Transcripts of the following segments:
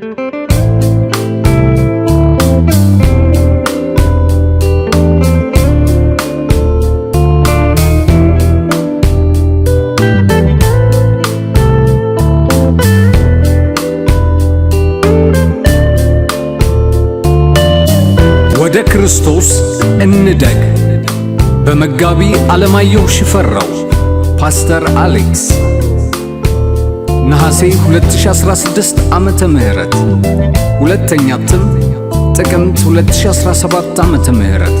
ወደ ክርስቶስ እንደግ። በመጋቢ ዓለማየሁ ሽፈራው ፓስተር አሌክስ ነሐሴ 2016 ዓመተ ምህረት ሁለተኛ እትም ጥቅምት 2017 ዓመተ ምህረት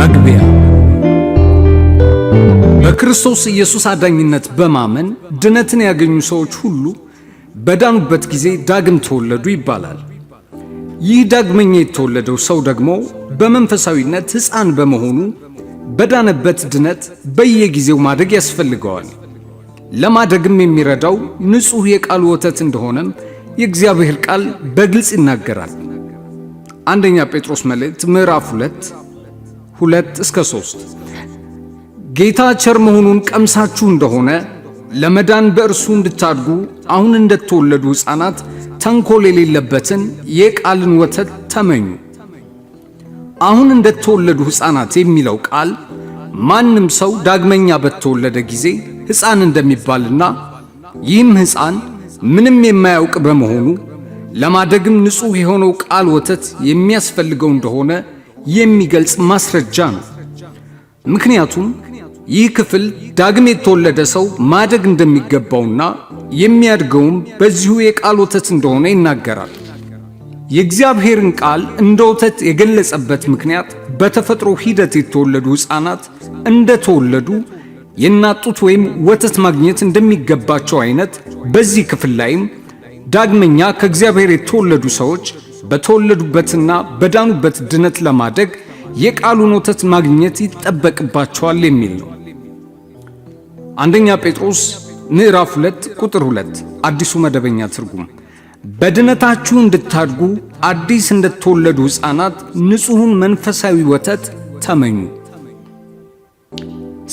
መግቢያ በክርስቶስ ኢየሱስ አዳኝነት በማመን ድነትን ያገኙ ሰዎች ሁሉ በዳኑበት ጊዜ ዳግም ተወለዱ ይባላል። ይህ ዳግመኛ የተወለደው ሰው ደግሞ በመንፈሳዊነት ሕፃን በመሆኑ በዳነበት ድነት በየጊዜው ማደግ ያስፈልገዋል። ለማደግም የሚረዳው ንጹሕ የቃሉ ወተት እንደሆነም የእግዚአብሔር ቃል በግልጽ ይናገራል። አንደኛ ጴጥሮስ መልእክት ምዕራፍ 2 2 እስከ 3 ጌታ ቸር መሆኑን ቀምሳችሁ እንደሆነ ለመዳን በእርሱ እንድታድጉ አሁን እንደተወለዱ ሕፃናት ተንኮል የሌለበትን የቃልን ወተት ተመኙ። አሁን እንደተወለዱ ሕፃናት የሚለው ቃል ማንም ሰው ዳግመኛ በተወለደ ጊዜ ሕፃን እንደሚባልና ይህም ሕፃን ምንም የማያውቅ በመሆኑ ለማደግም ንጹሕ የሆነው ቃል ወተት የሚያስፈልገው እንደሆነ የሚገልጽ ማስረጃ ነው። ምክንያቱም ይህ ክፍል ዳግም የተወለደ ሰው ማደግ እንደሚገባውና የሚያድገውም በዚሁ የቃል ወተት እንደሆነ ይናገራል። የእግዚአብሔርን ቃል እንደ ወተት የገለጸበት ምክንያት በተፈጥሮ ሂደት የተወለዱ ሕፃናት እንደተወለዱ የናጡት ወይም ወተት ማግኘት እንደሚገባቸው አይነት በዚህ ክፍል ላይም ዳግመኛ ከእግዚአብሔር የተወለዱ ሰዎች በተወለዱበትና በዳኑበት ድነት ለማደግ የቃሉን ወተት ማግኘት ይጠበቅባቸዋል የሚል ነው። አንደኛ ጴጥሮስ ምዕራፍ 2 ቁጥር 2 አዲሱ መደበኛ ትርጉም በድነታችሁ እንድታድጉ አዲስ እንደተወለዱ ሕፃናት ንጹሕን መንፈሳዊ ወተት ተመኙ።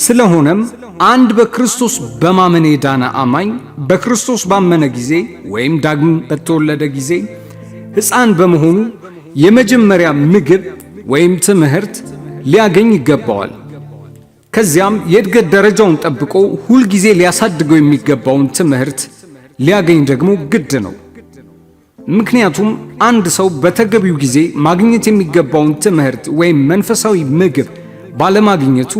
ስለሆነም አንድ በክርስቶስ በማመን የዳነ አማኝ በክርስቶስ ባመነ ጊዜ ወይም ዳግም በተወለደ ጊዜ ሕፃን በመሆኑ የመጀመሪያ ምግብ ወይም ትምህርት ሊያገኝ ይገባዋል። ከዚያም የእድገት ደረጃውን ጠብቆ ሁልጊዜ ሊያሳድገው የሚገባውን ትምህርት ሊያገኝ ደግሞ ግድ ነው። ምክንያቱም አንድ ሰው በተገቢው ጊዜ ማግኘት የሚገባውን ትምህርት ወይም መንፈሳዊ ምግብ ባለማግኘቱ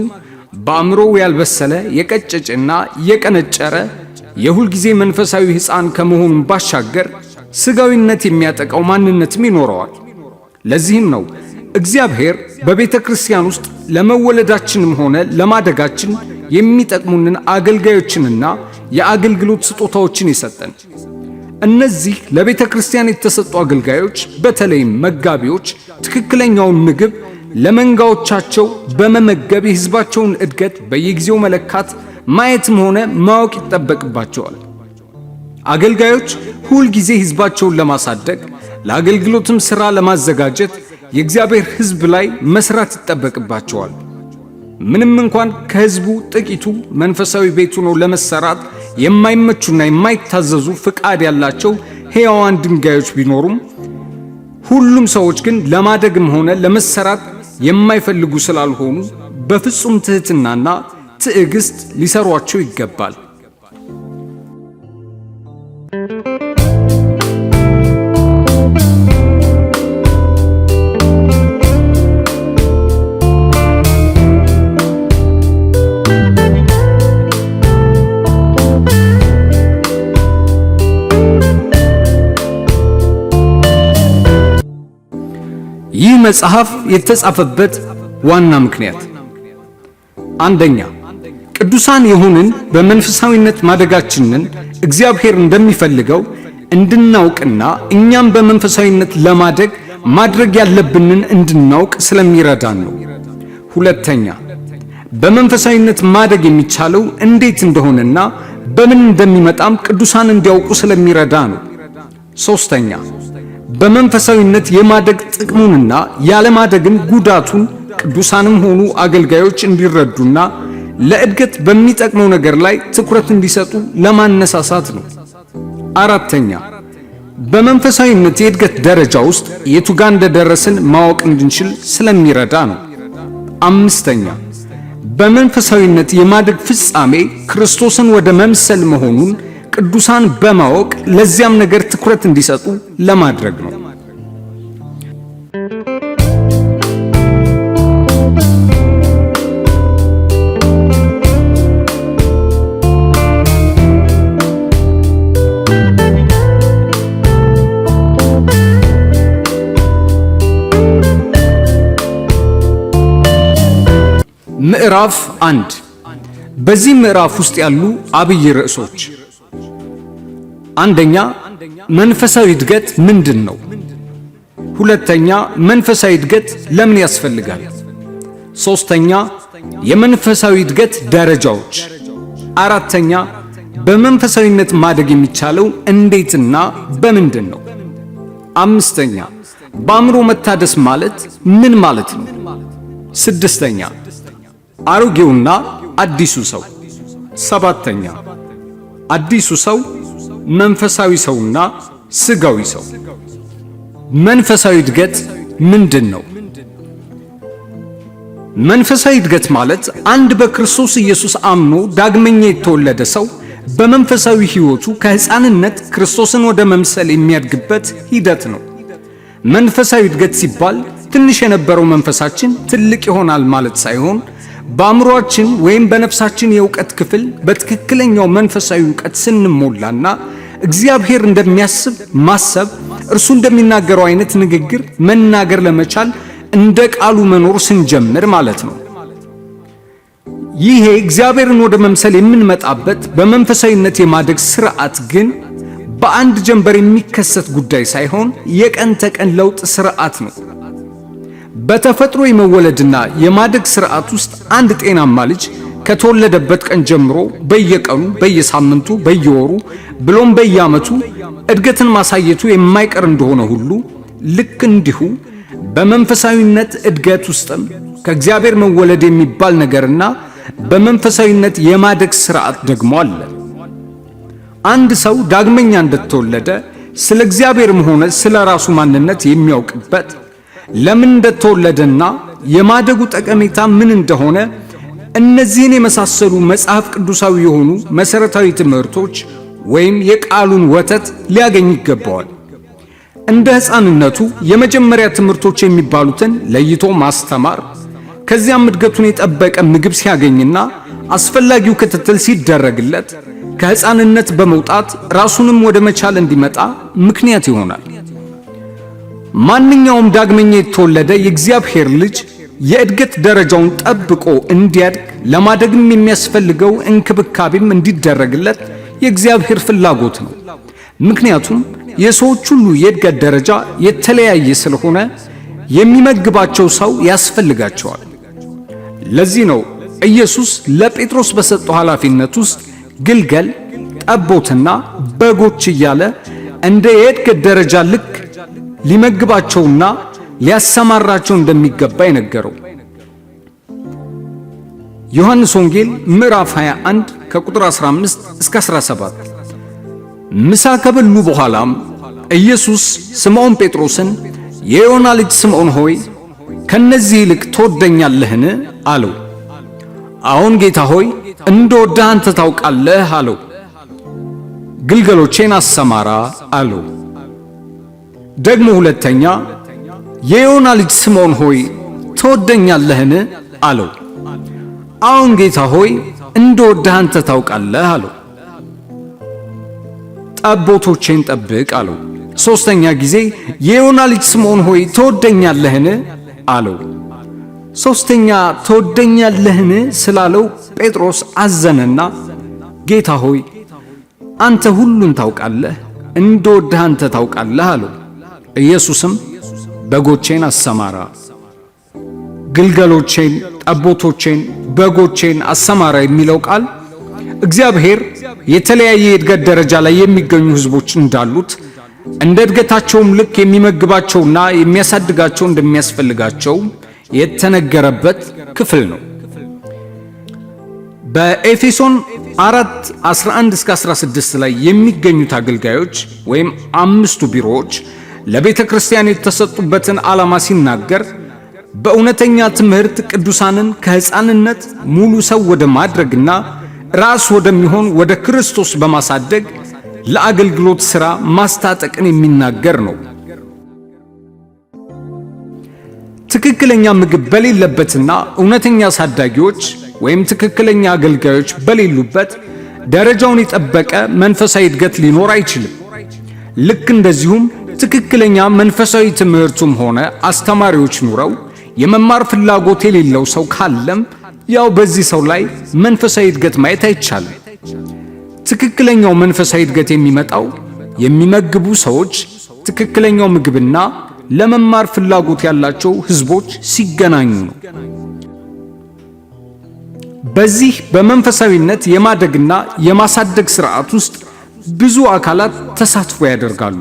በአእምሮው ያልበሰለ የቀጨጨና የቀነጨረ የሁልጊዜ መንፈሳዊ ሕፃን ከመሆኑን ባሻገር ስጋዊነት የሚያጠቃው ማንነትም ይኖረዋል። ለዚህም ነው እግዚአብሔር በቤተ ክርስቲያን ውስጥ ለመወለዳችንም ሆነ ለማደጋችን የሚጠቅሙንን አገልጋዮችንና የአገልግሎት ስጦታዎችን የሰጠን። እነዚህ ለቤተ ክርስቲያን የተሰጡ አገልጋዮች በተለይም መጋቢዎች ትክክለኛውን ምግብ ለመንጋዎቻቸው በመመገብ የሕዝባቸውን እድገት በየጊዜው መለካት ማየትም ሆነ ማወቅ ይጠበቅባቸዋል። አገልጋዮች ሁል ጊዜ ሕዝባቸውን ለማሳደግ ለአገልግሎትም ሥራ ለማዘጋጀት የእግዚአብሔር ሕዝብ ላይ መሥራት ይጠበቅባቸዋል። ምንም እንኳን ከሕዝቡ ጥቂቱ መንፈሳዊ ቤት ሆኖ ለመሠራት የማይመቹና የማይታዘዙ ፍቃድ ያላቸው ሕያዋን ድንጋዮች ቢኖሩም ሁሉም ሰዎች ግን ለማደግም ሆነ ለመሰራት የማይፈልጉ ስላልሆኑ በፍጹም ትሕትናና ትዕግሥት ሊሰሯቸው ይገባል። ይህ መጽሐፍ የተጻፈበት ዋና ምክንያት አንደኛ ቅዱሳን የሆንን በመንፈሳዊነት ማደጋችንን እግዚአብሔር እንደሚፈልገው እንድናውቅና እኛም በመንፈሳዊነት ለማደግ ማድረግ ያለብንን እንድናውቅ ስለሚረዳን ነው። ሁለተኛ በመንፈሳዊነት ማደግ የሚቻለው እንዴት እንደሆነና በምን እንደሚመጣም ቅዱሳን እንዲያውቁ ስለሚረዳ ነው። ሶስተኛ በመንፈሳዊነት የማደግ ጥቅሙንና ያለማደግን ጉዳቱን ቅዱሳንም ሆኑ አገልጋዮች እንዲረዱና ለእድገት በሚጠቅመው ነገር ላይ ትኩረት እንዲሰጡ ለማነሳሳት ነው። አራተኛ በመንፈሳዊነት የእድገት ደረጃ ውስጥ የቱ ጋ እንደደረስን ማወቅ እንድንችል ስለሚረዳ ነው። አምስተኛ በመንፈሳዊነት የማደግ ፍጻሜ ክርስቶስን ወደ መምሰል መሆኑን ቅዱሳን በማወቅ ለዚያም ነገር ትኩረት እንዲሰጡ ለማድረግ ነው። ምዕራፍ አንድ በዚህ ምዕራፍ ውስጥ ያሉ አብይ ርዕሶች አንደኛ መንፈሳዊ እድገት ምንድን ነው? ሁለተኛ መንፈሳዊ እድገት ለምን ያስፈልጋል? ሶስተኛ የመንፈሳዊ እድገት ደረጃዎች፣ አራተኛ በመንፈሳዊነት ማደግ የሚቻለው እንዴትና በምንድን ነው? አምስተኛ በአእምሮ መታደስ ማለት ምን ማለት ነው? ስድስተኛ አሮጌውና አዲሱ ሰው። ሰባተኛ አዲሱ ሰው መንፈሳዊ ሰውና ስጋዊ ሰው። መንፈሳዊ እድገት ምንድን ነው? መንፈሳዊ እድገት ማለት አንድ በክርስቶስ ኢየሱስ አምኖ ዳግመኛ የተወለደ ሰው በመንፈሳዊ ሕይወቱ ከሕፃንነት ክርስቶስን ወደ መምሰል የሚያድግበት ሂደት ነው። መንፈሳዊ እድገት ሲባል ትንሽ የነበረው መንፈሳችን ትልቅ ይሆናል ማለት ሳይሆን በአእምሮአችን ወይም በነፍሳችን የእውቀት ክፍል በትክክለኛው መንፈሳዊ እውቀት ስንሞላና እግዚአብሔር እንደሚያስብ ማሰብ፣ እርሱ እንደሚናገረው አይነት ንግግር መናገር ለመቻል እንደ ቃሉ መኖር ስንጀምር ማለት ነው። ይሄ እግዚአብሔርን ወደ መምሰል የምንመጣበት በመንፈሳዊነት የማደግ ስርዓት ግን በአንድ ጀንበር የሚከሰት ጉዳይ ሳይሆን የቀን ተቀን ለውጥ ስርዓት ነው። በተፈጥሮ የመወለድና የማደግ ስርዓት ውስጥ አንድ ጤናማ ልጅ ከተወለደበት ቀን ጀምሮ በየቀኑ፣ በየሳምንቱ፣ በየወሩ ብሎም በየዓመቱ እድገትን ማሳየቱ የማይቀር እንደሆነ ሁሉ ልክ እንዲሁ በመንፈሳዊነት እድገት ውስጥም ከእግዚአብሔር መወለድ የሚባል ነገርና በመንፈሳዊነት የማደግ ስርዓት ደግሞ አለ። አንድ ሰው ዳግመኛ እንደተወለደ ስለ እግዚአብሔርም ሆነ ስለ ራሱ ማንነት የሚያውቅበት ለምን እንደተወለደና የማደጉ ጠቀሜታ ምን እንደሆነ እነዚህን የመሳሰሉ መጽሐፍ ቅዱሳዊ የሆኑ መሠረታዊ ትምህርቶች ወይም የቃሉን ወተት ሊያገኝ ይገባዋል። እንደ ሕፃንነቱ የመጀመሪያ ትምህርቶች የሚባሉትን ለይቶ ማስተማር፣ ከዚያም እድገቱን የጠበቀ ምግብ ሲያገኝና አስፈላጊው ክትትል ሲደረግለት ከሕፃንነት በመውጣት ራሱንም ወደ መቻል እንዲመጣ ምክንያት ይሆናል። ማንኛውም ዳግመኛ የተወለደ የእግዚአብሔር ልጅ የእድገት ደረጃውን ጠብቆ እንዲያድግ ለማደግም የሚያስፈልገው እንክብካቤም እንዲደረግለት የእግዚአብሔር ፍላጎት ነው። ምክንያቱም የሰዎች ሁሉ የእድገት ደረጃ የተለያየ ስለሆነ የሚመግባቸው ሰው ያስፈልጋቸዋል። ለዚህ ነው ኢየሱስ ለጴጥሮስ በሰጠው ኃላፊነት ውስጥ ግልገል፣ ጠቦትና በጎች እያለ እንደ የእድገት ደረጃ ልክ ሊመግባቸውና ሊያሰማራቸው እንደሚገባ የነገረው ዮሐንስ ወንጌል ምዕራፍ 21 ከቁጥር 15 እስከ 17። ምሳ ከበሉ በኋላም ኢየሱስ ስምዖን ጴጥሮስን የዮና ልጅ ስምዖን ሆይ ከነዚህ ይልቅ ትወደኛለህን? አለው። አሁን ጌታ ሆይ እንደወዳህ አንተ ታውቃለህ አለው። ግልገሎቼን አሰማራ አለው። ደግሞ ሁለተኛ የዮና ልጅ ስምዖን ሆይ ትወደኛለህን? አለው። አሁን ጌታ ሆይ እንደወደህ አንተ ታውቃለህ አለው። ጠቦቶቼን ጠብቅ አለው። ሦስተኛ ጊዜ የዮና ልጅ ስምዖን ሆይ ትወደኛለህን? አለው። ሦስተኛ ትወደኛለህን ስላለው ጴጥሮስ አዘነና ጌታ ሆይ አንተ ሁሉን ታውቃለህ፣ እንደወደህ አንተ ታውቃለህ አለው። ኢየሱስም በጎቼን አሰማራ። ግልገሎቼን፣ ጠቦቶቼን፣ በጎቼን አሰማራ የሚለው ቃል እግዚአብሔር የተለያየ የእድገት ደረጃ ላይ የሚገኙ ህዝቦች እንዳሉት እንደ እድገታቸውም ልክ የሚመግባቸውና የሚያሳድጋቸው እንደሚያስፈልጋቸው የተነገረበት ክፍል ነው። በኤፌሶን 4 11 እስከ 16 ላይ የሚገኙት አገልጋዮች ወይም አምስቱ ቢሮዎች ለቤተ ክርስቲያን የተሰጡበትን ዓላማ ሲናገር በእውነተኛ ትምህርት ቅዱሳንን ከሕፃንነት ሙሉ ሰው ወደ ማድረግና ራስ ወደሚሆን ወደ ክርስቶስ በማሳደግ ለአገልግሎት ሥራ ማስታጠቅን የሚናገር ነው። ትክክለኛ ምግብ በሌለበትና እውነተኛ አሳዳጊዎች ወይም ትክክለኛ አገልጋዮች በሌሉበት ደረጃውን የጠበቀ መንፈሳዊ እድገት ሊኖር አይችልም። ልክ እንደዚሁም ትክክለኛ መንፈሳዊ ትምህርቱም ሆነ አስተማሪዎች ኑረው የመማር ፍላጎት የሌለው ሰው ካለም ያው በዚህ ሰው ላይ መንፈሳዊ እድገት ማየት አይቻልም። ትክክለኛው መንፈሳዊ እድገት የሚመጣው የሚመግቡ ሰዎች፣ ትክክለኛው ምግብና ለመማር ፍላጎት ያላቸው ህዝቦች ሲገናኙ ነው። በዚህ በመንፈሳዊነት የማደግና የማሳደግ ስርዓት ውስጥ ብዙ አካላት ተሳትፎ ያደርጋሉ።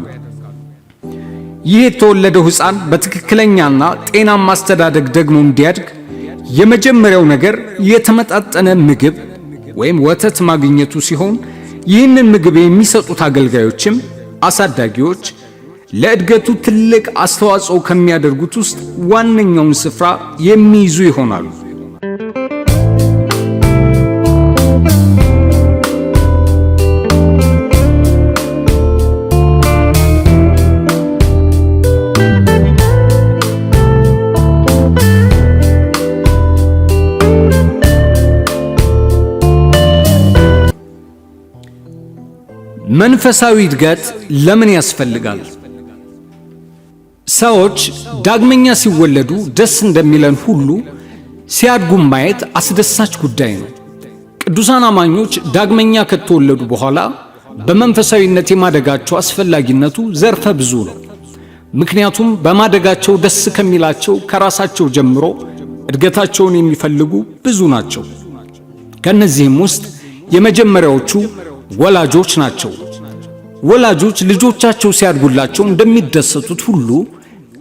ይህ የተወለደው ሕፃን በትክክለኛና ጤናማ አስተዳደግ ደግሞ እንዲያድግ የመጀመሪያው ነገር የተመጣጠነ ምግብ ወይም ወተት ማግኘቱ ሲሆን ይህንን ምግብ የሚሰጡት አገልጋዮችም አሳዳጊዎች ለእድገቱ ትልቅ አስተዋጽኦ ከሚያደርጉት ውስጥ ዋነኛውን ስፍራ የሚይዙ ይሆናሉ። መንፈሳዊ እድገት ለምን ያስፈልጋል? ሰዎች ዳግመኛ ሲወለዱ ደስ እንደሚለን ሁሉ ሲያድጉም ማየት አስደሳች ጉዳይ ነው። ቅዱሳን አማኞች ዳግመኛ ከተወለዱ በኋላ በመንፈሳዊነት የማደጋቸው አስፈላጊነቱ ዘርፈ ብዙ ነው። ምክንያቱም በማደጋቸው ደስ ከሚላቸው ከራሳቸው ጀምሮ እድገታቸውን የሚፈልጉ ብዙ ናቸው። ከእነዚህም ውስጥ የመጀመሪያዎቹ ወላጆች ናቸው። ወላጆች ልጆቻቸው ሲያድጉላቸው እንደሚደሰቱት ሁሉ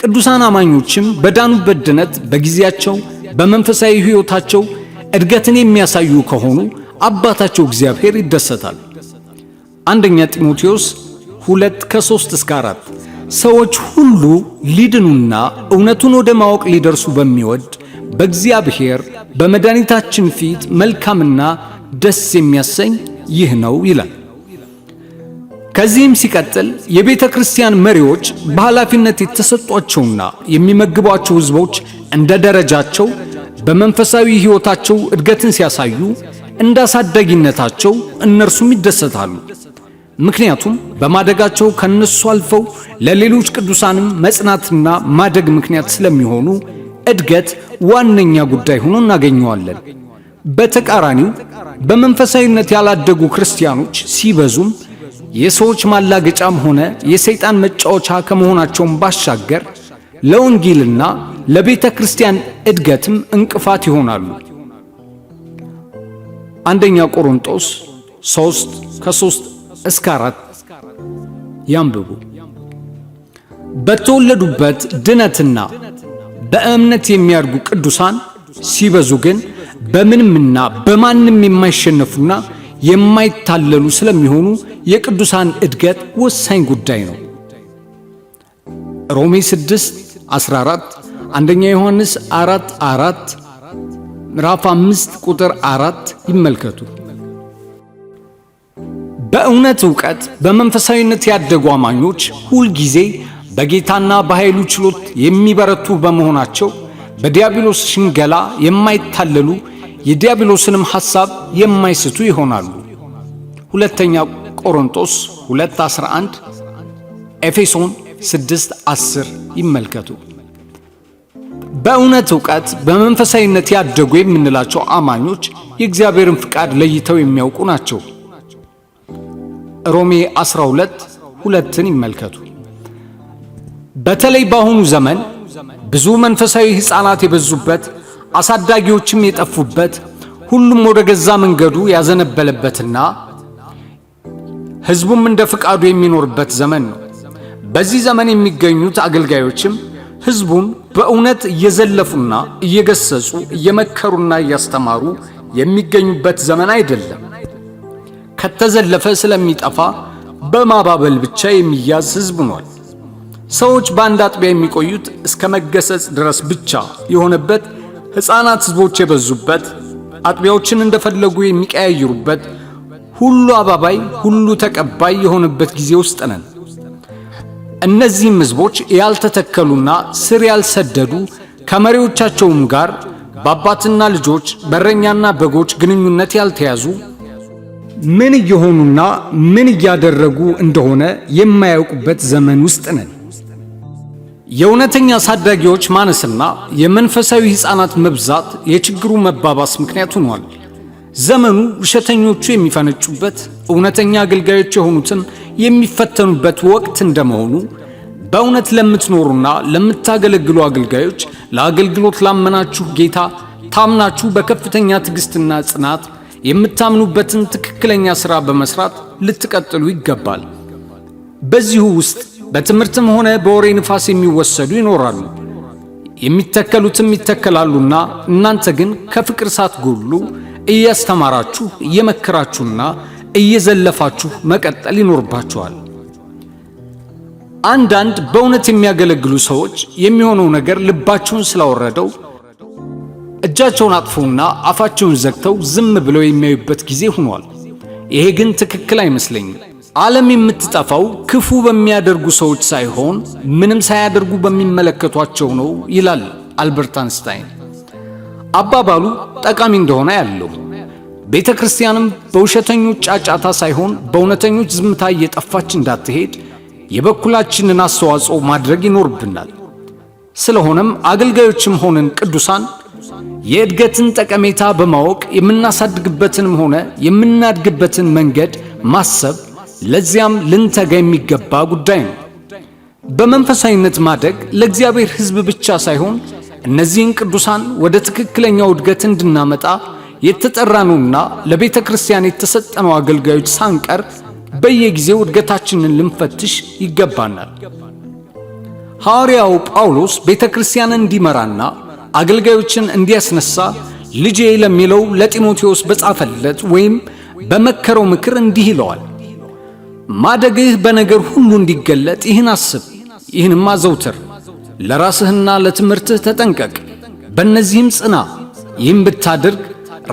ቅዱሳን አማኞችም በዳኑበት ድነት በጊዜያቸው በመንፈሳዊ ሕይወታቸው እድገትን የሚያሳዩ ከሆኑ አባታቸው እግዚአብሔር ይደሰታል። አንደኛ ጢሞቴዎስ ሁለት ከሶስት እስከ አራት ሰዎች ሁሉ ሊድኑና እውነቱን ወደ ማወቅ ሊደርሱ በሚወድ በእግዚአብሔር በመድኃኒታችን ፊት መልካምና ደስ የሚያሰኝ ይህ ነው ይላል። ከዚህም ሲቀጥል የቤተ ክርስቲያን መሪዎች በኃላፊነት የተሰጧቸውና የሚመግቧቸው ሕዝቦች እንደ ደረጃቸው በመንፈሳዊ ሕይወታቸው እድገትን ሲያሳዩ እንዳሳደጊነታቸው አሳዳጊነታቸው እነርሱም ይደሰታሉ። ምክንያቱም በማደጋቸው ከነሱ አልፈው ለሌሎች ቅዱሳንም መጽናትና ማደግ ምክንያት ስለሚሆኑ እድገት ዋነኛ ጉዳይ ሆኖ እናገኘዋለን። በተቃራኒው በመንፈሳዊነት ያላደጉ ክርስቲያኖች ሲበዙም የሰዎች ማላገጫም ሆነ የሰይጣን መጫወቻ ከመሆናቸውም ባሻገር ለወንጌልና ለቤተ ክርስቲያን እድገትም እንቅፋት ይሆናሉ። አንደኛ ቆሮንጦስ 3 ከ3 እስከ 4 ያንብቡ። በተወለዱበት ድነትና በእምነት የሚያድጉ ቅዱሳን ሲበዙ ግን በምንምና በማንም የማይሸነፉና የማይታለሉ ስለሚሆኑ የቅዱሳን እድገት ወሳኝ ጉዳይ ነው። ሮሜ 6 14 አንደኛ ዮሐንስ 4 4 ምዕራፍ 5 ቁጥር 4 ይመልከቱ። በእውነት ዕውቀት በመንፈሳዊነት ያደጉ አማኞች ሁልጊዜ በጌታና በኃይሉ ችሎት የሚበረቱ በመሆናቸው በዲያብሎስ ሽንገላ የማይታለሉ የዲያብሎስንም ሐሳብ የማይስቱ ይሆናሉ። ሁለተኛ ቆሮንቶስ 2:11 ኤፌሶን 6:10 ይመልከቱ። በእውነት ዕውቀት በመንፈሳዊነት ያደጉ የምንላቸው አማኞች የእግዚአብሔርን ፍቃድ ለይተው የሚያውቁ ናቸው። ሮሜ 12 ሁለትን ይመልከቱ። በተለይ በአሁኑ ዘመን ብዙ መንፈሳዊ ሕፃናት የበዙበት አሳዳጊዎችም የጠፉበት ሁሉም ወደ ገዛ መንገዱ ያዘነበለበትና ህዝቡም እንደ ፍቃዱ የሚኖርበት ዘመን ነው። በዚህ ዘመን የሚገኙት አገልጋዮችም ህዝቡን በእውነት እየዘለፉና እየገሰጹ እየመከሩና እያስተማሩ የሚገኙበት ዘመን አይደለም። ከተዘለፈ ስለሚጠፋ በማባበል ብቻ የሚያዝ ህዝብ ሆኗል። ሰዎች በአንድ አጥቢያ የሚቆዩት እስከ መገሰጽ ድረስ ብቻ የሆነበት ሕፃናት ሕዝቦች የበዙበት አጥቢያዎችን እንደፈለጉ የሚቀያይሩበት ሁሉ አባባይ ሁሉ ተቀባይ የሆነበት ጊዜ ውስጥ ነን። እነዚህም ሕዝቦች ያልተተከሉና ስር ያልሰደዱ ከመሪዎቻቸውም ጋር በአባትና ልጆች በረኛና በጎች ግንኙነት ያልተያዙ ምን እየሆኑና ምን እያደረጉ እንደሆነ የማያውቁበት ዘመን ውስጥ ነን። የእውነተኛ አሳዳጊዎች ማነስና የመንፈሳዊ ሕፃናት መብዛት የችግሩ መባባስ ምክንያት ሆኗል። ዘመኑ ውሸተኞቹ የሚፈነጩበት፣ እውነተኛ አገልጋዮች የሆኑትን የሚፈተኑበት ወቅት እንደመሆኑ በእውነት ለምትኖሩና ለምታገለግሉ አገልጋዮች፣ ለአገልግሎት ላመናችሁ ጌታ ታምናችሁ በከፍተኛ ትዕግሥትና ጽናት የምታምኑበትን ትክክለኛ ሥራ በመሥራት ልትቀጥሉ ይገባል። በዚሁ ውስጥ በትምህርትም ሆነ በወሬ ንፋስ የሚወሰዱ ይኖራሉ፣ የሚተከሉትም ይተከላሉና እናንተ ግን ከፍቅር ሳትጎሉ እያስተማራችሁ እየመከራችሁና እየዘለፋችሁ መቀጠል ይኖርባችኋል። አንዳንድ በእውነት የሚያገለግሉ ሰዎች የሚሆነው ነገር ልባቸውን ስላወረደው እጃቸውን አጥፈውና አፋቸውን ዘግተው ዝም ብለው የሚያዩበት ጊዜ ሆኗል። ይሄ ግን ትክክል አይመስለኝም። ዓለም የምትጠፋው ክፉ በሚያደርጉ ሰዎች ሳይሆን ምንም ሳያደርጉ በሚመለከቷቸው ነው ይላል አልበርት አንስታይን። አባባሉ ጠቃሚ እንደሆነ ያለው ቤተ ክርስቲያንም በውሸተኞች ጫጫታ ሳይሆን በእውነተኞች ዝምታ እየጠፋች እንዳትሄድ የበኩላችንን አስተዋጽኦ ማድረግ ይኖርብናል። ስለሆነም አገልጋዮችም ሆንን ቅዱሳን የእድገትን ጠቀሜታ በማወቅ የምናሳድግበትንም ሆነ የምናድግበትን መንገድ ማሰብ ለዚያም ልንተጋ የሚገባ ጉዳይ ነው። በመንፈሳዊነት ማደግ ለእግዚአብሔር ሕዝብ ብቻ ሳይሆን እነዚህን ቅዱሳን ወደ ትክክለኛው እድገት እንድናመጣ የተጠራነውና ለቤተ ክርስቲያን የተሰጠነው አገልጋዮች ሳንቀር በየጊዜው እድገታችንን ልንፈትሽ ይገባናል። ሐዋርያው ጳውሎስ ቤተ ክርስቲያንን እንዲመራና አገልጋዮችን እንዲያስነሳ ልጄ ለሚለው ለጢሞቴዎስ በጻፈለት ወይም በመከረው ምክር እንዲህ ይለዋል ማደግህ በነገር ሁሉ እንዲገለጥ ይህን አስብ፣ ይህንም አዘውትር። ለራስህና ለትምህርትህ ተጠንቀቅ፣ በእነዚህም ጽና። ይህም ብታደርግ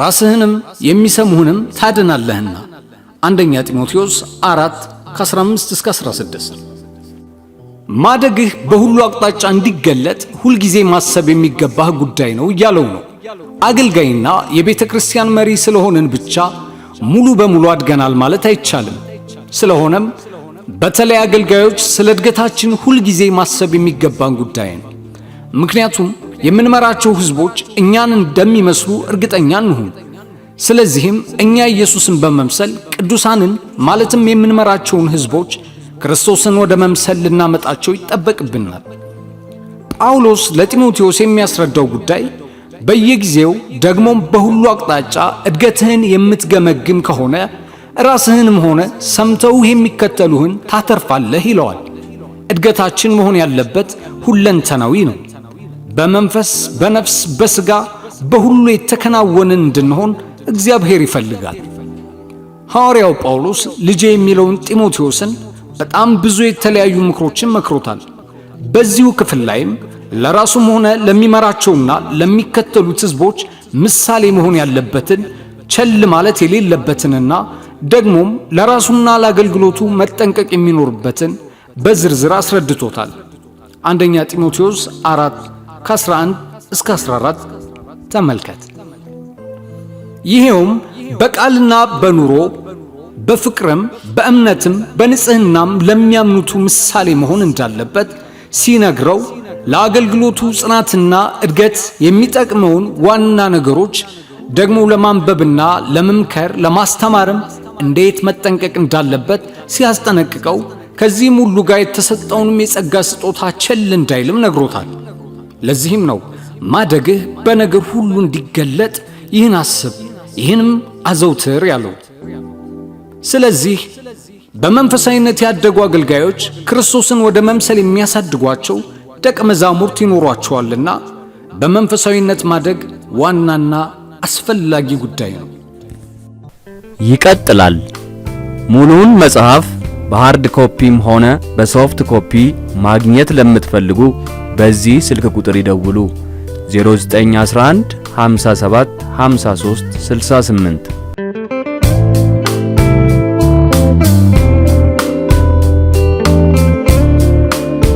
ራስህንም የሚሰሙህንም ታድናለህና። አንደኛ ጢሞቴዎስ 4 ከ15 እስከ 16። ማደግህ በሁሉ አቅጣጫ እንዲገለጥ ሁልጊዜ ማሰብ የሚገባህ ጉዳይ ነው እያለው ነው። አገልጋይና የቤተ ክርስቲያን መሪ ስለሆንን ብቻ ሙሉ በሙሉ አድገናል ማለት አይቻልም። ስለሆነም በተለይ አገልጋዮች ስለ እድገታችን ሁልጊዜ ማሰብ የሚገባን ጉዳይ ነው። ምክንያቱም የምንመራቸው ሕዝቦች እኛን እንደሚመስሉ እርግጠኛ እንሁን። ስለዚህም እኛ ኢየሱስን በመምሰል ቅዱሳንን ማለትም የምንመራቸውን ሕዝቦች ክርስቶስን ወደ መምሰል ልናመጣቸው ይጠበቅብናል። ጳውሎስ ለጢሞቴዎስ የሚያስረዳው ጉዳይ በየጊዜው ደግሞም በሁሉ አቅጣጫ እድገትህን የምትገመግም ከሆነ ራስህንም ሆነ ሰምተውህ የሚከተሉህን ታተርፋለህ ይለዋል። እድገታችን መሆን ያለበት ሁለንተናዊ ነው። በመንፈስ በነፍስ በሥጋ በሁሉ የተከናወንን እንድንሆን እግዚአብሔር ይፈልጋል። ሐዋርያው ጳውሎስ ልጄ የሚለውን ጢሞቴዎስን በጣም ብዙ የተለያዩ ምክሮችን መክሮታል። በዚሁ ክፍል ላይም ለራሱም ሆነ ለሚመራቸውና ለሚከተሉት ሕዝቦች ምሳሌ መሆን ያለበትን ቸል ማለት የሌለበትንና ደግሞም ለራሱና ለአገልግሎቱ መጠንቀቅ የሚኖርበትን በዝርዝር አስረድቶታል። አንደኛ ጢሞቴዎስ 4 ከ11 እስከ 14 ተመልከት። ይሄውም በቃልና በኑሮ በፍቅርም በእምነትም በንጽህናም ለሚያምኑቱ ምሳሌ መሆን እንዳለበት ሲነግረው ለአገልግሎቱ ጽናትና እድገት የሚጠቅመውን ዋና ነገሮች ደግሞ ለማንበብና ለመምከር ለማስተማርም እንዴት መጠንቀቅ እንዳለበት ሲያስጠነቅቀው ከዚህም ሁሉ ጋር የተሰጠውንም የጸጋ ስጦታ ቸል እንዳይልም ነግሮታል። ለዚህም ነው ማደግህ በነገር ሁሉ እንዲገለጥ ይህን አስብ፣ ይህንም አዘውትር ያለው። ስለዚህ በመንፈሳዊነት ያደጉ አገልጋዮች ክርስቶስን ወደ መምሰል የሚያሳድጓቸው ደቀ መዛሙርት ይኖሯቸዋልና በመንፈሳዊነት ማደግ ዋናና አስፈላጊ ጉዳይ ነው። ይቀጥላል። ሙሉውን መጽሐፍ በሃርድ ኮፒም ሆነ በሶፍት ኮፒ ማግኘት ለምትፈልጉ በዚህ ስልክ ቁጥር ይደውሉ 0911 57 53 68